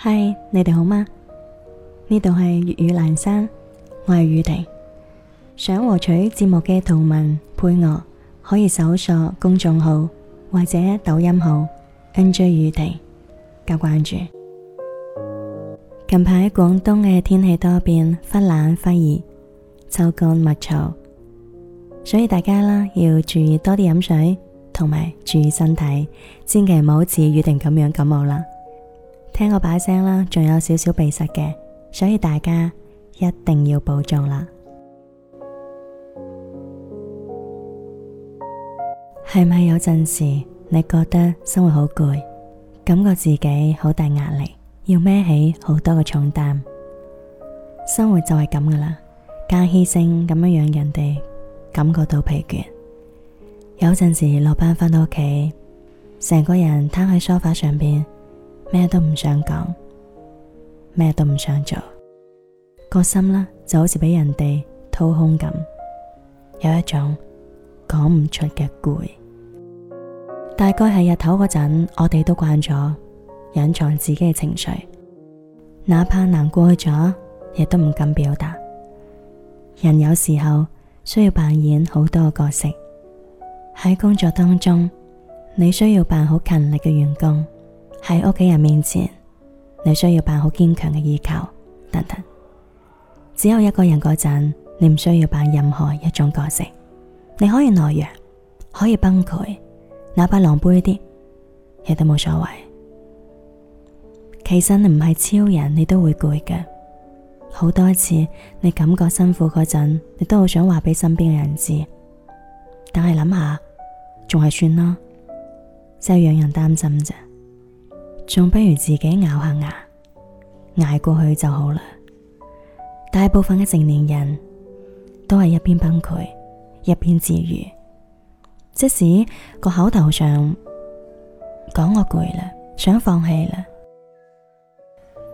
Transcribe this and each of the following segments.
嗨，Hi，你哋好嗎？呢度係粵語闌珊，我係宇婷。想獲取節目嘅圖文配樂，可以搜索公眾號或者抖音號 N J 宇婷加關注。近排廣東嘅天氣多變，忽冷忽熱，秋乾物燥，所以大家啦要注意多啲飲水，同埋注意身體，千祈唔好似宇婷咁樣感冒啦。聽我把聲啦，仲有少少鼻塞嘅，所以大家一定要保重啦。係咪 有陣時，你覺得生活好攰，感覺自己好大壓力，要孭起好多嘅重擔？生活就係咁噶啦，間歇性咁樣讓人哋感覺到疲倦。有陣時落班返到屋企，成個人攤喺沙發上邊。咩都唔想講，咩都唔想做，個心啦就好似俾人哋掏空咁，有一種講唔出嘅攰。大概係日頭嗰陣，我哋都慣咗隱藏自己嘅情緒，哪怕難過咗，亦都唔敢表達。人有時候需要扮演好多角色，喺工作當中，你需要扮好勤力嘅員工。喺屋企人面前，你需要扮好堅強嘅依靠。等等，只有一個人嗰陣，你唔需要扮任何一種角色。你可以懦弱，可以崩潰，哪怕狼狽啲，亦都冇所謂。其實你唔係超人，你都會攰嘅。好多次，你感覺辛苦嗰陣，你都好想話俾身邊嘅人知，但係諗下，仲係算啦，真係讓人擔心咋。仲不如自己咬下牙，捱過去就好啦。大部分嘅成年人都係一邊崩潰，一邊自愈，即使個口頭上講我攰啦，想放棄啦，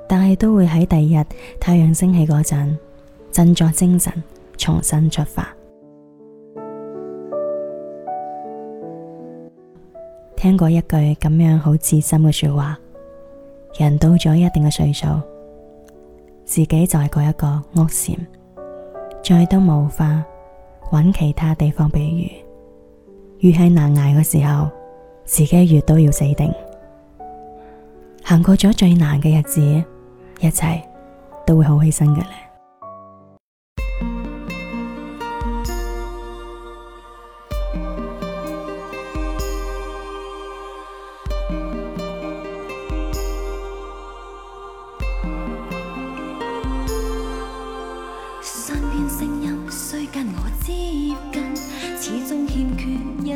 但係都會喺第二日太陽升起嗰陣振作精神，重新出發。聽過一句咁樣好自心嘅說話。人到咗一定嘅歲數，自己就係嗰一個屋檐，再都冇法揾其他地方避雨。越係難捱嘅時候，自己越都要死定。行過咗最難嘅日子，一切都會好起身嘅咧。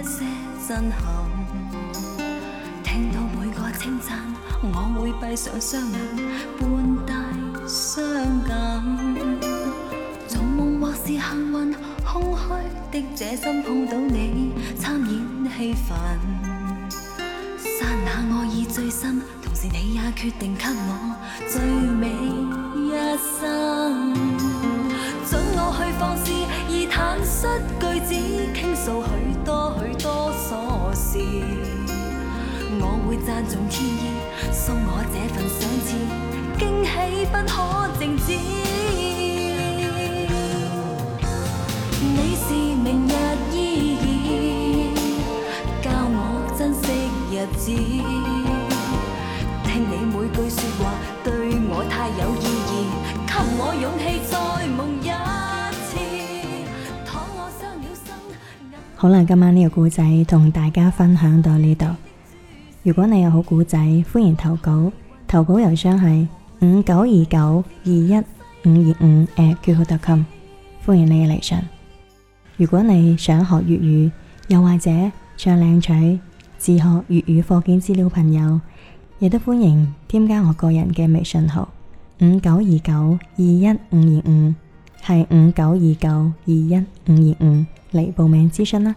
些震撼，聽到每個稱讚，我會閉上雙眼，半帶傷感。做夢或是幸運，空虛的這心碰到你，參演戲份。剎那愛意最深，同時你也決定給我最美一生。你你是明日依然教我我我珍惜日子。聽你每句說話對我太有意義，給我勇氣再夢一次。好啦，今晚呢個故仔同大家分享到呢度。如果你有好故仔，歡迎投稿，投稿郵箱係。五九二九二一五二五，@qq.com，歡迎你嚟信。如果你想學粵語，又或者想領取自學粵語課件資料，朋友亦都歡迎添加我個人嘅微信號五九二九二一五二五，係五九二九二一五二五嚟報名諮詢啦。